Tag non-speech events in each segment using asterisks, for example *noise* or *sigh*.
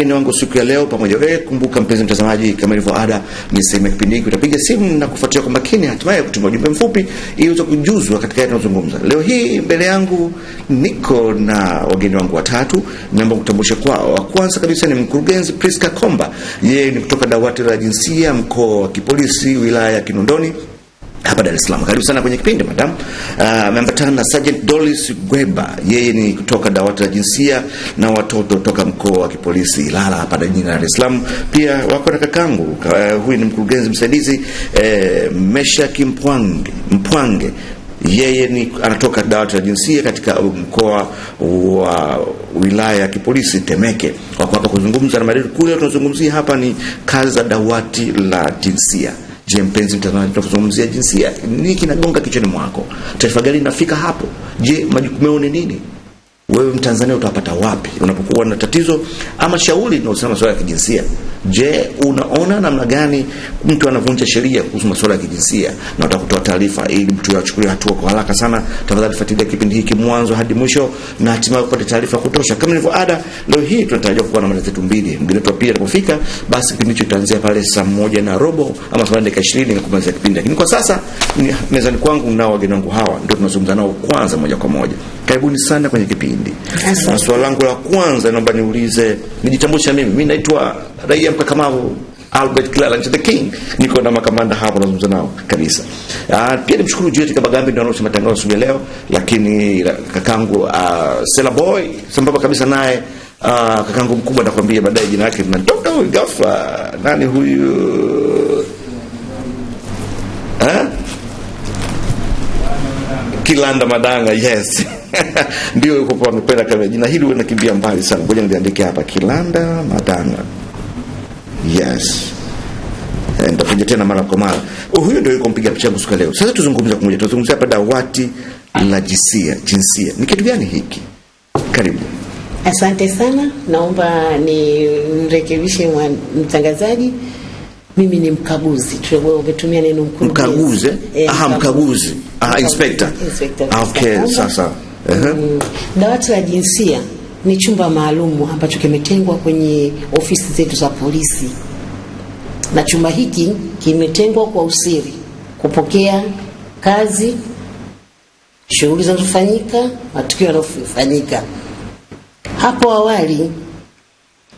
wageni wangu siku ya leo pamoja wewe. Kumbuka mpenzi mtazamaji, kama ilivyo ada, ni sehemu ya kipindi hiki utapiga simu na kufuatia kwa makini, hatimaye kutuma ujumbe mfupi ili uweze kujuzwa katika yale tunazungumza leo hii. Mbele yangu niko na wageni wangu watatu, naomba kutambulisha kwao. Wa kwanza kabisa ni mkurugenzi Priska Komba, yeye ni kutoka dawati la jinsia mkoa wa kipolisi wilaya ya Kinondoni hapa Dar es Salaam. Karibu sana kwenye kipindi madam. Ah, Ameambatana uh, na Sergeant Dolis Gweba, yeye ni kutoka dawati la jinsia na watoto toka mkoa wa kipolisi Ilala hapa jijini Dar es Salaam. Pia wako na kakangu uh, huyu ni mkurugenzi msaidizi uh, Mesha Kimpwange Mpwange yeye ni anatoka dawati la jinsia katika mkoa wa wilaya ya kipolisi Temeke. Wako hapa kuzungumza na madiri kule tunazungumzia hapa ni kazi za dawati la jinsia. Je, mpenzi mtazamaji, tunazungumzia jinsia, nini kinagonga kichwani mwako? Taifa gani linafika hapo? Je, majukumu yao ni nini? wewe Mtanzania utapata wapi unapokuwa na tatizo ama shauri linalohusiana masuala ya kijinsia? Je, unaona namna gani mtu anavunja sheria kuhusu masuala ya kijinsia na unataka kutoa taarifa ili mtu achukuliwe hatua kwa haraka sana? Tafadhali fuatilia kipindi hiki mwanzo hadi mwisho na hatimaye kupata taarifa kutosha. Kama ilivyo ada, leo hii tunatarajia kuwa na mada zetu mbili. Mgeni wetu pia atakapofika, basi kipindi hicho kitaanzia pale saa moja na robo ama saa dakika ishirini na kumaliza kipindi, lakini kwa sasa mezani kwangu nao wageni wangu hawa ndio tunazungumza nao kwanza moja kwa moja. Karibuni sana kwenye kipindi zaidi. Na swala langu la kwanza naomba niulize, nijitambulisha mimi. Mimi naitwa Raia Mkakamavu Albert Clarence the King, niko na makamanda hapo nazungumza nao kabisa. Uh, pia nimshukuru Juliet Kabagambi ndio anaosha matangazo asubuhi leo, lakini kakangu uh, Sela Boy sambamba kabisa naye uh, kakangu mkubwa atakwambia baadaye jina lake linatoka huyu gafla Nani huyu? Eh? Kilanda Madanga, yes. *laughs* ndio yuko mpenda kama jina hili wewe nakimbia mbali sana. Ngoja niandike hapa Kilanda Madanga. Yes. Eh, nitakuja tena mara kwa mara. Oh, huyo ndio yuko mpiga picha yangu siku leo. Sasa tuzungumze kwa moja tuzungumze hapa dawati la jinsia, jinsia. Ni kitu gani hiki? Karibu. Asante sana. Naomba ni mrekebishe mtangazaji. Mimi ni mkaguzi. Tulikuwa umetumia neno mkurugenzi. Eh, mkaguzi? Eh, ah, mkaguzi. Aha, inspector. Inspector. Ah, okay, sasa dawati la jinsia ni chumba maalum ambacho kimetengwa kwenye ofisi zetu za polisi, na chumba hiki kimetengwa kwa usiri kupokea kazi, shughuli zinazofanyika, matukio yanayofanyika. Hapo awali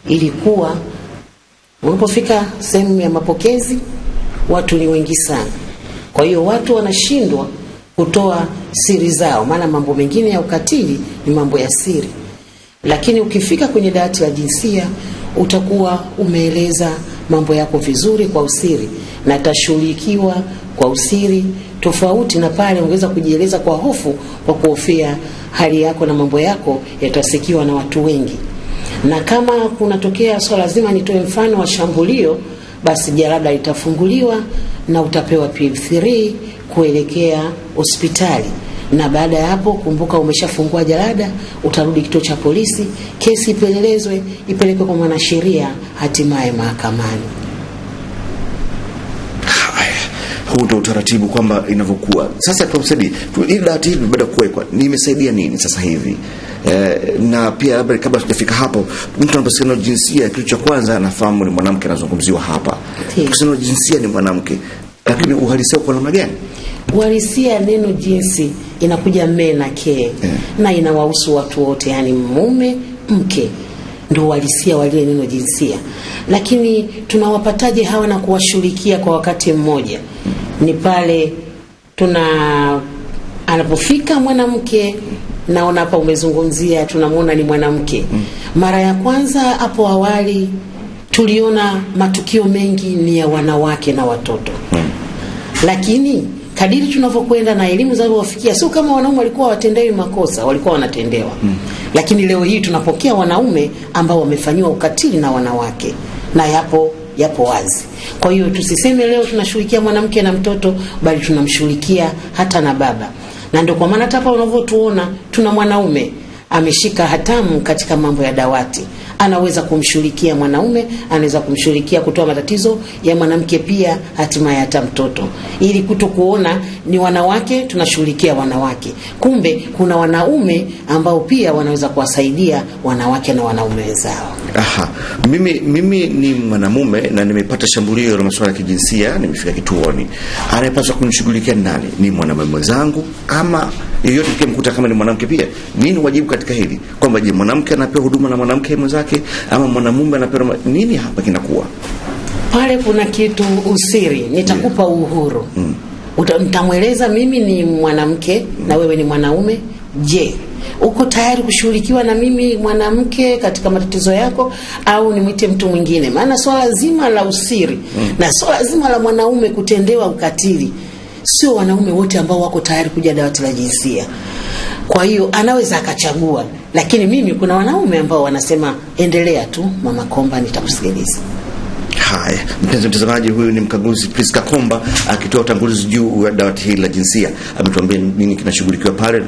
ilikuwa unapofika sehemu ya mapokezi watu ni wengi sana, kwa hiyo watu wanashindwa kutoa siri zao, maana mambo mengine ya ukatili ni mambo ya siri, lakini ukifika kwenye dawati la jinsia utakuwa umeeleza mambo yako vizuri kwa usiri na tashughulikiwa kwa usiri, tofauti na pale ungeweza kujieleza kwa hofu, kwa kuhofia hali yako na mambo yako yatasikiwa na watu wengi. Na kama kunatokea so, lazima nitoe mfano wa shambulio, basi jalada litafunguliwa na utapewa pf 3 kuelekea hospitali na baada ya hapo, kumbuka, umeshafungua jalada, utarudi kituo cha polisi, kesi ipelelezwe, ipelekwe kwa mwanasheria, hatimaye mahakamani. Huu ndio utaratibu kwamba inavyokuwa sasa. Profesa, hii dawati hii baada kuwekwa nimesaidia nini sasa hivi? E, na pia labda kabla tujafika hapo, mtu anaposikia jinsia, kitu cha kwanza anafahamu ni mwanamke anazungumziwa hapa. Jinsia ni mwanamke, lakini uhalisia uko namna gani? walisia neno jinsi inakuja me na ke yeah. na inawahusu watu wote, yani mume mke ndio walisia wa neno jinsia. Lakini tunawapataje hawa na kuwashughulikia kwa wakati mmoja? Hmm. Ni pale tuna anapofika mwanamke, naona hapa umezungumzia, tunamwona ni mwanamke. Hmm. Mara ya kwanza hapo awali tuliona matukio mengi ni ya wanawake na watoto, hmm. lakini kadiri tunavyokwenda na elimu zinavyowafikia, sio kama wanaume walikuwa watendewi makosa, walikuwa wanatendewa mm. Lakini leo hii tunapokea wanaume ambao wamefanyiwa ukatili na wanawake na yapo yapo wazi. Kwa hiyo tusiseme leo tunashughulikia mwanamke na mtoto, bali tunamshughulikia hata na baba, na ndio kwa maana hata hapa unavyotuona tuna mwanaume ameshika hatamu katika mambo ya dawati anaweza kumshughulikia mwanaume, anaweza kumshughulikia kutoa matatizo ya mwanamke, pia hatimaye hata mtoto, ili kuto kuona ni wanawake tunashughulikia wanawake, kumbe kuna wanaume ambao pia wanaweza kuwasaidia wanawake na wanaume wenzao. Aha, mimi, mimi ni mwanamume na nimepata shambulio la masuala ya kijinsia, nimefika kituoni, anayepaswa kunishughulikia nani? Ni mwanamume mwenzangu ama yeyote tukimkuta kama ni mwanamke pia? Nini wajibu katika hili kwamba, je, mwanamke anapewa huduma na mwanamke mwenzake wake ama mwanamume anapenda nini, hapa kinakuwa pale kuna kitu usiri, nitakupa mm. uhuru mm. Nitamweleza mimi ni mwanamke mm. na wewe ni mwanaume. Je, uko tayari kushughulikiwa na mimi mwanamke katika matatizo yako, au nimwite mtu mwingine? Maana swala zima la usiri mm. na swala zima la mwanaume kutendewa ukatili, sio wanaume wote ambao wako tayari kuja dawati la jinsia. Kwa hiyo anaweza akachagua lakini mimi kuna wanaume ambao wanasema endelea tu Mama Komba, nitakusikiliza. Haya, mpenzi mtazamaji, huyu ni mkaguzi Priska Komba akitoa utangulizi juu ya dawati hili la jinsia. Ametuambia nini kinashughulikiwa pale,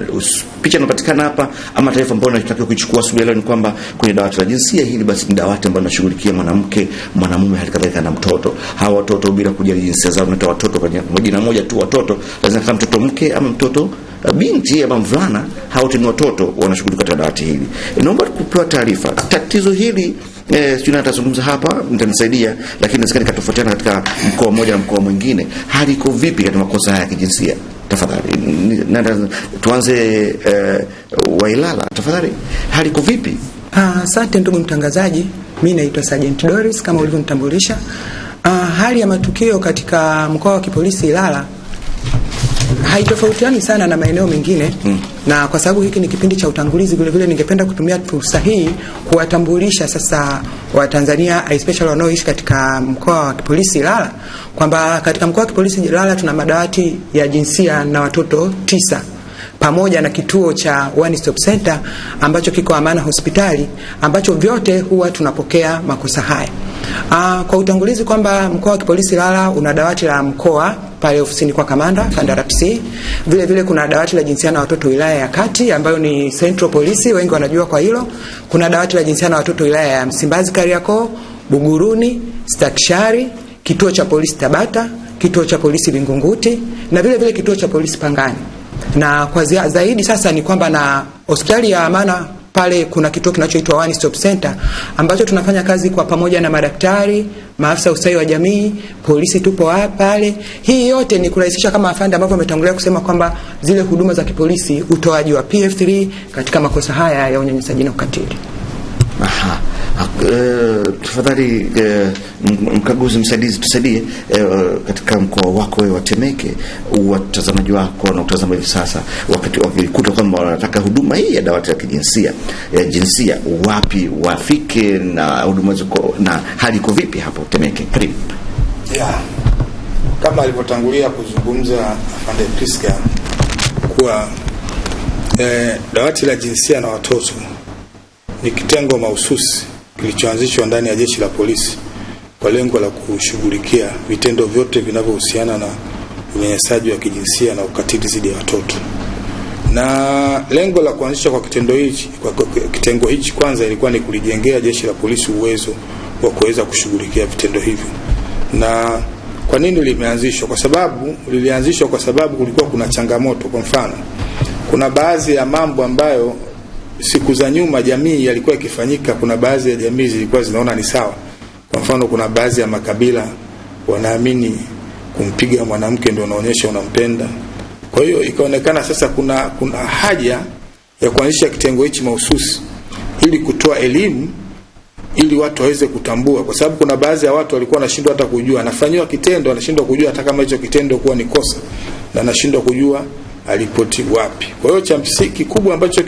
picha inapatikana hapa, ama taarifa ambayo tunatakiwa kuichukua asubuhi leo ni kwamba kwenye dawati la jinsia hili, basi ni dawati ambalo linashughulikia mwanamke, mwanamume, hali kadhalika na mtoto. Hawa watoto bila kujali jinsia zao, wanaitwa watoto kwa jina moja tu, watoto. Lazima kama mtoto mke ama mtoto binti ama mvulana hawote ni watoto wanashughulika katika dawati hili. Naomba kupewa taarifa tatizo hili eh, sijui natazungumza hapa, mtanisaidia, lakini nasikia nikatofautiana katika mkoa mmoja na mkoa mwingine. Hali iko vipi katika makosa haya ya kijinsia? Tafadhali nenda tuanze eh, Wailala, tafadhali, hali iko vipi? Ah, asante ndugu mtangazaji, mi naitwa Sergeant Doris kama ulivyonitambulisha. Ah, hali ya matukio katika mkoa wa kipolisi Ilala haitofautiani sana na maeneo mengine mm. Na kwa sababu hiki ni kipindi cha utangulizi, vile vile ningependa kutumia fursa hii kuwatambulisha sasa Watanzania especially wanaoishi katika mkoa wa kipolisi lala kwamba katika mkoa wa kipolisi lala tuna madawati ya jinsia na watoto tisa pamoja na kituo cha One Stop Center ambacho kiko Amana Hospitali ambacho vyote huwa tunapokea makosa haya. Aa, ah, kwa utangulizi kwamba mkoa wa kipolisi lala una dawati la mkoa pale ofisini kwa kamanda kanda Vile vile kuna dawati la jinsia na watoto wilaya ya Kati ambayo ni Central polisi wengi wanajua kwa hilo. Kuna dawati la jinsia na watoto wilaya ya Msimbazi, Kariakoo, Buguruni, stakshari kituo cha polisi Tabata, kituo cha polisi Vingunguti na vile vile kituo cha polisi Pangani. Na kwa zaidi sasa ni kwamba na hospitali ya Amana pale kuna kituo kinachoitwa One Stop Center ambacho tunafanya kazi kwa pamoja na madaktari, maafisa ustawi wa jamii, polisi tupo hapa pale. Hii yote ni kurahisisha kama afande ambavyo ametangulia kusema kwamba zile huduma za kipolisi, utoaji wa PF3 katika makosa haya ya unyanyasaji na ukatili. Aha. E, tafadhali e, mkaguzi msaidizi tusaidie e, katika mkoa wako wewe wa Temeke, watazamaji wako na hivi sasa, wakati wakikuta kwamba wanataka huduma hii ya dawati la kijinsia ya jinsia, wapi wafike na huduma ziko na hali iko vipi hapo Temeke? Karibu. Yeah. Kama alivyotangulia kuzungumza afande Priska kuwa eh, dawati la jinsia na watoto ni kitengo mahususi kilichoanzishwa ndani ya Jeshi la Polisi kwa lengo la kushughulikia vitendo vyote vinavyohusiana na unyanyasaji wa kijinsia na ukatili dhidi ya watoto. Na lengo la kuanzishwa kwa kitendo hichi, kwa kitengo hichi kwanza ilikuwa ni kulijengea Jeshi la Polisi uwezo wa kuweza kushughulikia vitendo hivyo. Na kwa nini limeanzishwa? Kwa sababu lilianzishwa kwa sababu kulikuwa kuna changamoto. Kwa mfano, kuna baadhi ya mambo ambayo siku za nyuma jamii yalikuwa ikifanyika, kuna baadhi ya jamii zilikuwa zinaona ni sawa. Kwa mfano, kuna baadhi ya makabila wanaamini kumpiga mwanamke ndio unaonyesha unampenda. Kwa hiyo ikaonekana sasa kuna, kuna haja ya kuanzisha kitengo hichi mahususi ili kutoa elimu ili watu waweze kutambua, kwa sababu kuna baadhi ya watu walikuwa wanashindwa hata kujua, anafanyiwa kitendo anashindwa kujua hata kama hicho kitendo kuwa ni kosa, na anashindwa kujua alipoti wapi. Kwa hiyo cha msingi kikubwa ambacho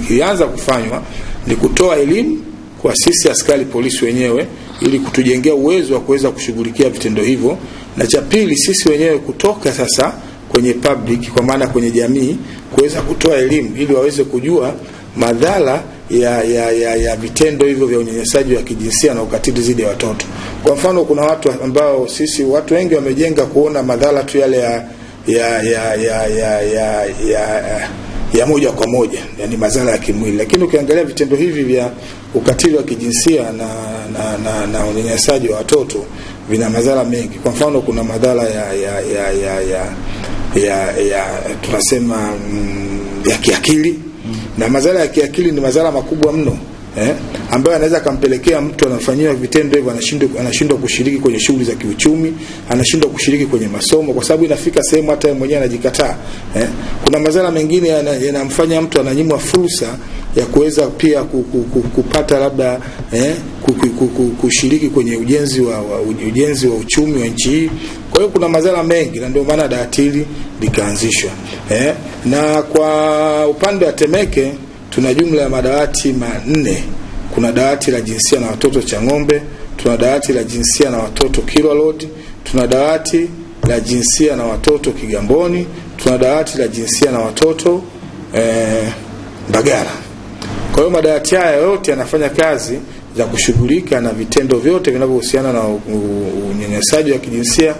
kilianza kufanywa ni kutoa elimu kwa sisi askari polisi wenyewe ili kutujengea uwezo wa kuweza kushughulikia vitendo hivyo, na cha pili sisi wenyewe kutoka sasa kwenye public, kwa maana kwenye jamii, kuweza kutoa elimu ili waweze kujua madhara ya, ya, ya, ya vitendo hivyo vya unyanyasaji wa kijinsia na ukatili dhidi ya watoto. Kwa mfano, kuna watu ambao sisi watu wengi wamejenga kuona madhara tu yale ya ya ya ya ya ya, ya ya moja kwa moja yani madhara ya kimwili, lakini ukiangalia vitendo hivi vya ukatili wa kijinsia na, na, na, na unyanyasaji wa watoto vina madhara mengi. Kwa mfano kuna madhara ya, ya, ya, ya, ya, ya, ya tunasema mm, ya kiakili mm. Na madhara ya kiakili ni madhara makubwa mno eh, ambayo anaweza akampelekea mtu anafanywa vitendo hivyo, anashindwa anashindwa kushiriki kwenye shughuli za kiuchumi, anashindwa kushiriki kwenye masomo, kwa sababu inafika sehemu hata yeye mwenyewe anajikataa. Eh, kuna madhara mengine yanamfanya mtu ananyimwa fursa ya kuweza pia kupata labda eh, kushiriki kwenye ujenzi wa, wa ujenzi wa uchumi wa nchi hii. Kwa hiyo kuna madhara mengi, na ndio maana dawati hili likaanzishwa eh, na kwa upande wa Temeke tuna jumla ya madawati manne. Kuna dawati la jinsia na watoto Chang'ombe, tuna dawati la jinsia na watoto Kilwa Road, tuna dawati la jinsia na watoto Kigamboni, tuna dawati la jinsia na watoto eh, Mbagala. Kwa hiyo madawati haya yote yanafanya kazi za kushughulika na vitendo vyote vinavyohusiana na unyanyasaji wa kijinsia